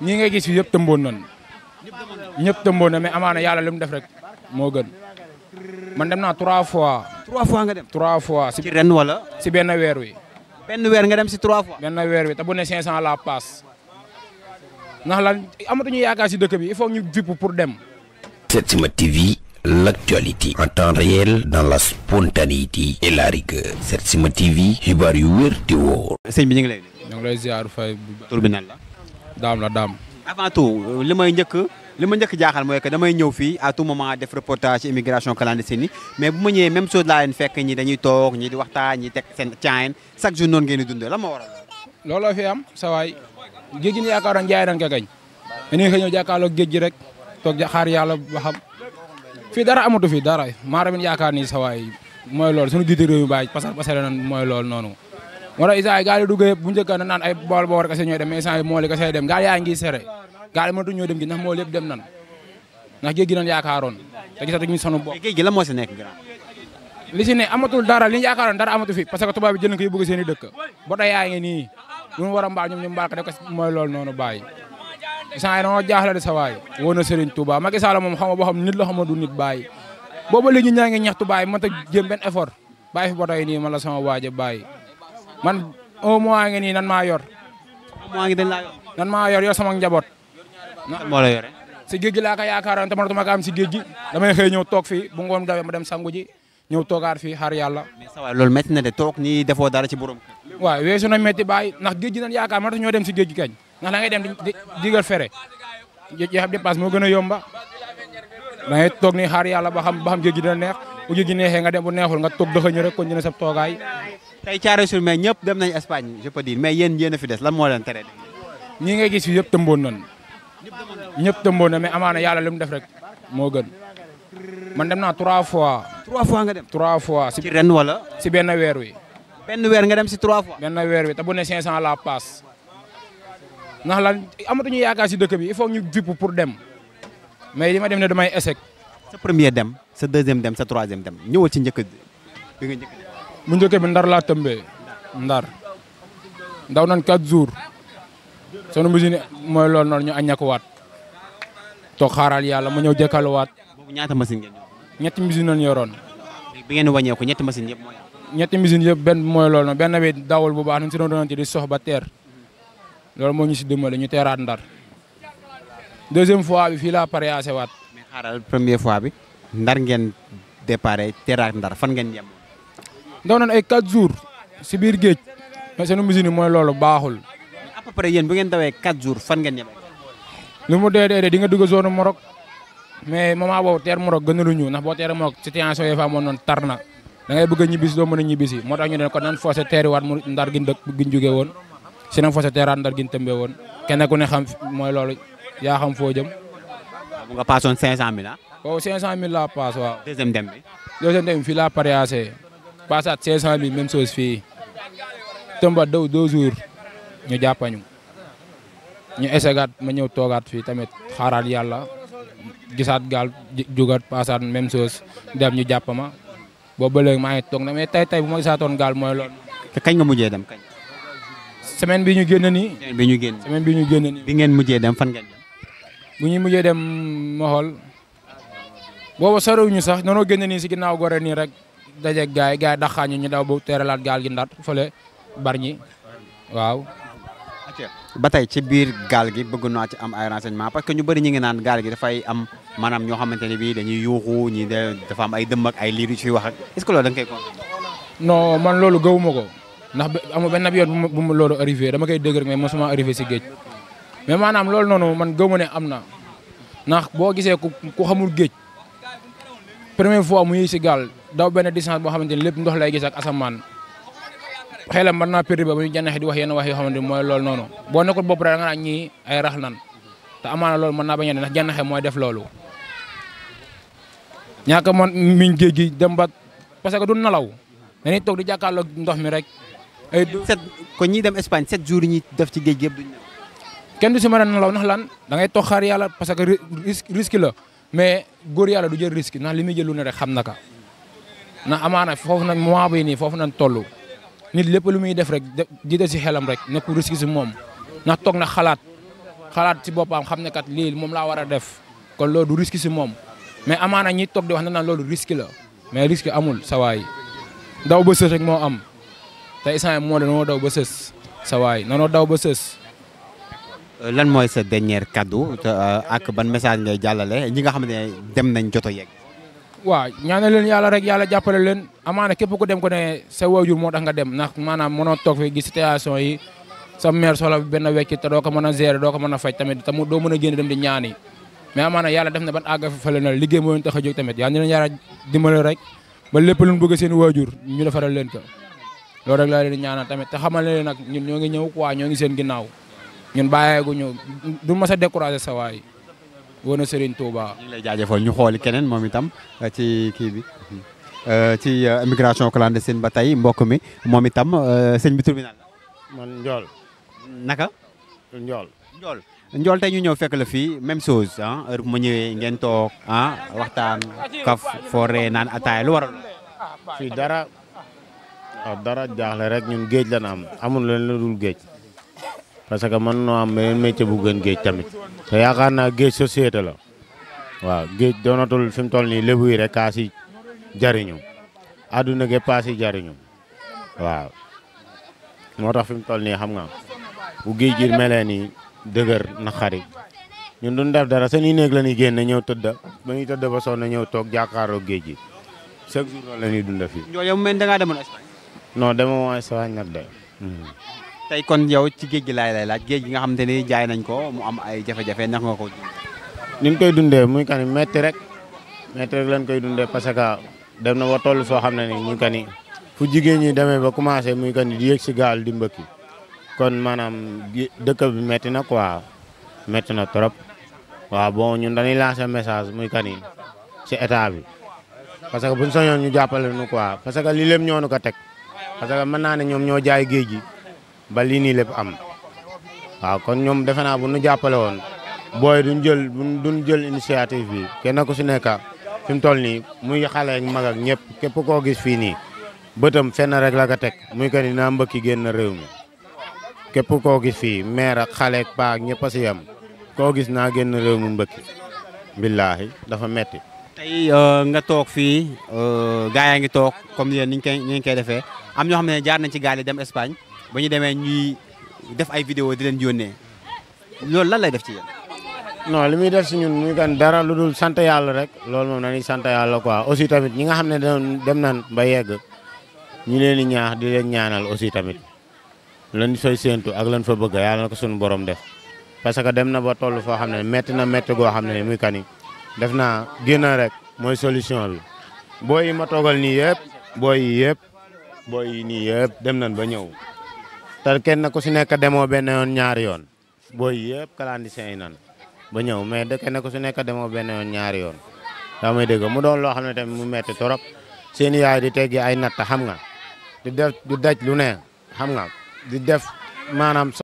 ñu nga gis fi yëpp tëmboon nañ ñëpp tëmboon na mais amaana yàlla li mu def rek moo gën man dem naa trois fois. trois fois nga dem. trois fois si ren wala. si benn weer wi. benn weer nga dem si trois fois. benn weer wi te bu ne 500 la paas ndax lan amatuñu yaakaar si dëkk bi il faut ñu vipp pour dem. Setsima TV l'actualité en temps réel dans la spontanéité et la rigueur Setsima TV xibaar yu wér di wóor. sëñ bi ñu ngi lay. ñu ngi lay ziar fay la. daam la daam. avant tout li may njëkk li ma njëkk jaaxal mooy que damay ñëw fii à tout moment def reportage immigration clandestine yi mais bu ma ñëwee même chose laa leen fekk ñi dañuy toog ñi di waxtaan ñi teg seen caayin chaque jour noonu ngeen di dundee la ma waral. looloo fi am sa waay géej gi ñu yaakaaroon jaay nañ ko gañ dañuy xëy géej gi rek toog xaar yàlla ba xam fii dara amatu fi dara maar rabin yaakaar ni sa waay mooy loolu suñu jiite réew mi bàyyi pasar mooy loolu noonu moo tax isaan yi gaal yi bu njëkk na naan ay bool boor kese ñooy dem mais mool yi dem gi ndax mool yëpp dem nan ndax géej gi nan yaakaaroon te gisatuñu sunu bopp la moo si nekk li si ne amatul dara li ñu dara amatu fi parce que tubaab bi jël na ko bëgg seen i dëkk ba tey yaa ngi nii lu mu war a mbaal ñoom ñu mbaal ko def ko mooy loolu noonu bàyyi isaan yi dañoo jaaxle de sa waay moom xama boo xam nit la xama du nit bàyyi booba léegi ñaa ngi ñaxtu bàyyi mën ta jëm benn effort bàyyi fi ba man la sama bàyyi man au mois nga nii nan maa yor. au ngi dañ laa yor. nan maa yor yor sama njaboot. moo la yore. si géej gi laa ko yaakaaroon te mënatuma ko am si géej gi damay xëy ñëw toog fii bu ngoon dawee ma dem sangu ji ñëw toogaat fii xaar yàlla. mais sa waay na de toog nii defoo dara ci borom. waaw weesu na métti bàyyi ndax géej gi nan ma mënatu ñoo dem si géej gi kañ ndax da ngay dem di digal fere jeexam dépasse moo gën a yomba da ngay toog ni xaar yàlla xam ba xam géej gi dina neex bu géej gi nga dem bu neexul nga toog dëxëñ rek kon dina sa toogaay tey caare sur mais ñëpp dem nañ Espagne je mais yéen yéen fi des lan moo leen tere ñi ngay gis fi yëpp tëmboon nañ ñëpp tëmboon na mais amaana yàlla li mu def rek moo gën man dem naa trois fois. trois fois nga dem trois fois. ci ren wala. si benn weer wi. benn weer nga dem si trois fois. benn weer wi te bu ne 500 la paas ndax lan amatuñu yaakaar si dëkk bi il faut ñu vipp pour dem mais li ma dem ne damay échec. sa premier dem sa deuxième dem sa troisième dem ñëwal ci njëkk bi bu njëkk bi ndar laa tëmbee ndar daw nan 4 jours sunu machine mooy lool noonu ñu aññeeku waat toog xaaral yàlla moo ñëw jëkkalu waat. ñaata machine ngeen ñetti machine lañ yoroon. bi ngeen wàññeeku ñetti machine yëpp ñetti machine yëpp benn mooy loolu noonu benn dawul bu baax ñu si doon doon di sox ba ter loolu moo ñu si dimbali ñu teeraat ndar deuxième fois bi fii laa pare waat. mais xaaral première fois bi ndar ngeen déparé teeraat ndar fan ngeen yem. daw nañ ay 4 jours si biir géej mais seen usine yi mooy loolu baaxul. à bu ngeen dawee 4 jours fan ngeen ñemee. lu mu dee dee di nga dugg zone Maroc mais moment boobu teer Maroc gënaluñu ndax boo teeree Maroc situation yi fa amoon noonu tar na da ngay bëgg a doo mën a ñibbisi moo tax ñu ne kon nan forcé teeriwaat mu ndar gi dëkk woon si nan forcé teeraat ndar gi ñu woon kenn ku ne xam mooy loolu yaa xam foo jëm. bu nga paasoon 500000 ah. waaw 500000 laa paas waaw. deuxième dem bi. deuxième dem bi fii laa pariaasee. passaat 500 bi même chose fii tëmba daw deux jours ñu jàppañu ñu essegaat ma ñëw toogaat fii tamit xaaraat yàlla gisaat gaal jugaat passaat même chose dem ñu jàpp ma boobu ba léegi maa ngi toog na mais tey tey bu ma gisaatoon gaal mooy lool te kañ nga mujjee dem kañ. semaine bi ñu génn nii. semaine bi ñu génn nii bi ñu génn nii. bi ngeen mujjee dem fan ngeen dem. bu dem ma sax nanoo génn si ginnaaw gore nii rek. dajeeg gaay gaay daxaañu ñu daw tere teeralaat gaal gi ndar fële bar ñi waaw. ba tey ci biir gaal gi bëgg naa ci am ay renseignement parce que ñu bari ñi ngi naan gaal gi dafay am maanaam ñoo xamante ne dañu dañuy yuuxu ñi dafa am ay dëmm ak ay liir yu ciy wax ak est ce que loolu da nga koy non man loolu gëwuma ko ndax amul benn yoon bu mu loolu arrivé dama koy dégg rek mais mosuma arrivé si géej mais maanaam loolu noonu man gëwuma ne am na ndax boo gisee ku xamul géej. première fois mu yëy si gaal daw benn distance boo xamante ni lépp ndox lay gis ak asamaan xelam mën naa pérdi ba bu ñu jànnexe di wax yenn wax yoo xamante ni mooy loolu noonu boo nekkul bopp rek da nga naan ñii ay rax nan te amaana loolu mën naa bañ a ne ndax jànnexe mooy def loolu ñàkk man miñ géej gi dem ba parce que du nalaw dañuy toog di jàkkaarloog ndox mi rek ay sept kon ñi dem Espagne sept jours def ci géej gi yëpp duñ kenn du si a nalaw nax lan da ngay toog xaar yàlla parce que risque la mais góor yàlla du jël risque na li muy jël lu rek xam na ka na amaana foofu nag moment bii nii foofu nañ tollu nit lépp lu muy def rek jiite si xelam rek nekkul risque si moom ndax toog na xalaat xalaat si boppam xam ne kat lii moom laa war a def kon loolu du risque si moom mais amaana ñi toog di wax na naan loolu risque la mais risque amul sawaay daw ba sës rek moo am te instant moo de daw ba sës sawaay nanoo daw ba sës Euh, lan mooy sa dernier kaddu euh, ak ban message ngay jàllale ñi nga xam ne dem nañ joto yegg. waaw ñaanal leen yàlla rek yàlla jàppale leen amaana képp ku dem ko ne sa waajur moo tax nga dem ndax maanaam mënoo toog fi situation yi sa mère soxla benn wecc te ko mën a gérer doo ko mën a faj tamit mu doo mën a génn dem di ñaani mais amaana yàlla def na ban àgg fa na liggéey moo leen tax a jóg tamit yaa yàlla dimbale rek ba lépp lu ñu bëgg seen waajur ñu defaral leen ko loolu rek laa leen ñaanal tamit te xamal leen nag ñun ñoo ngi ñëw quoi ñoo ngi seen ginnaaw ñun bàyyeeguñu du mës a découragé sa waay woon na Serigne Touba. ñu lay jaajëfal ñu xooli keneen moom itam uh, ci kii bi uh, ci uh, immigration clandestine ba tey mbokk mi moom itam sëñ bi tribunal man Ndiol. naka. njool njool Ndiol tey ñu ñëw fekk la fii même chose ah heure ma ñëwee ngeen toog ah waxtaan kaf fooree naan ataaya lu waral. fii dara. dara jaaxle rek ñun géej la na amul leen lu dul géej. parce que mën noo am beneen métier bu gën géej tamit te yaakaar naa géej société la waaw géej doonatul fi mu toll nii lébu yi rek kaa si jariñu àdduna gépp kaa si jariñu waaw moo tax fi mu toll nii xam nga bu géej gi melee nii dëgër na ñun duñ def dara seen i néeg la ñuy ñëw tëdda ba ñuy tëdda ba sonn ñëw toog jàkkaarloo géej gi chaque jour la ñuy dunda fii. yow yow nag de. Hmm. tey kon yow ci géej gi laay lay laaj géej gi nga xamante ni jaay nañ ko mu am ay jafe-jafe ndax nga ko. ni ñu koy dundee muy kan metti rek metti rek lañ koy dundee parce que dem na ba toll soo xam ne ni muy kan fu jigéen ñi demee ba commencé muy kan di yéeg si gaal di mbëkki kon maanaam dëkk bi metti na quoi metti na trop waa bon ñun dañuy lancer message muy kan si état bi parce que buñ soñoon ñu jàppale nu quoi parce que lii lépp ñoo nu ko teg parce que mën naa ne ñoom ñoo jaay géej gi. ba lii nii lépp am waaw kon ñoom defe naa bu nu jàppale woon booy duñ jël duñ jël initiative bi kenn ku si nekk fi mu nii muy xale ak mag ak ñëpp képp koo gis fii nii bëtam fenn rek la ko teg muy que ni naa mbëkki génn réew mi képp koo gis fii maire ak xale ak paa ñëpp a si yem koo gis naa génn réew mi mbëkki billaahi dafa metti tey euh, nga toog fii euh, gaa yaa ngi toog comme yéen ni ñu koy ni koy defee am ñoo xam ne jaar nañ ci gaal dem Espagne ba ñu demee ñuy def ay vidéo di leen yónnee loolu lan lay def ci yéen. non li muy def si ñun muy kan dara lu dul sant yàlla rek loolu moom dañuy sant yàlla quoi aussi tamit ñi nga xam ne dem nan ba yegg ñu leen di ñaax di leen ñaanal aussi tamit lan fay séentu ak lan fa bëgg yàlla na ko suñu borom def parce que dem na ba toll foo xam ne métti na métti goo xam ne muy kan def naa génn rek mooy solution bi booy yi ma toogal nii yëpp booy yi yëpp booy yi nii dem nañ ba ñëw. te kenn ku si nekk demoo benn yoon ñaari yoon booy yëpp clandestin yi nan ba ñëw mais de kenn ku si nekk demoo benn yoon ñaari yoon daa may dégg mu doon loo xam ne tamit mu metti torop seen yaay di teggi ay natt xam nga di def di daj lu nee xam nga di def maanaam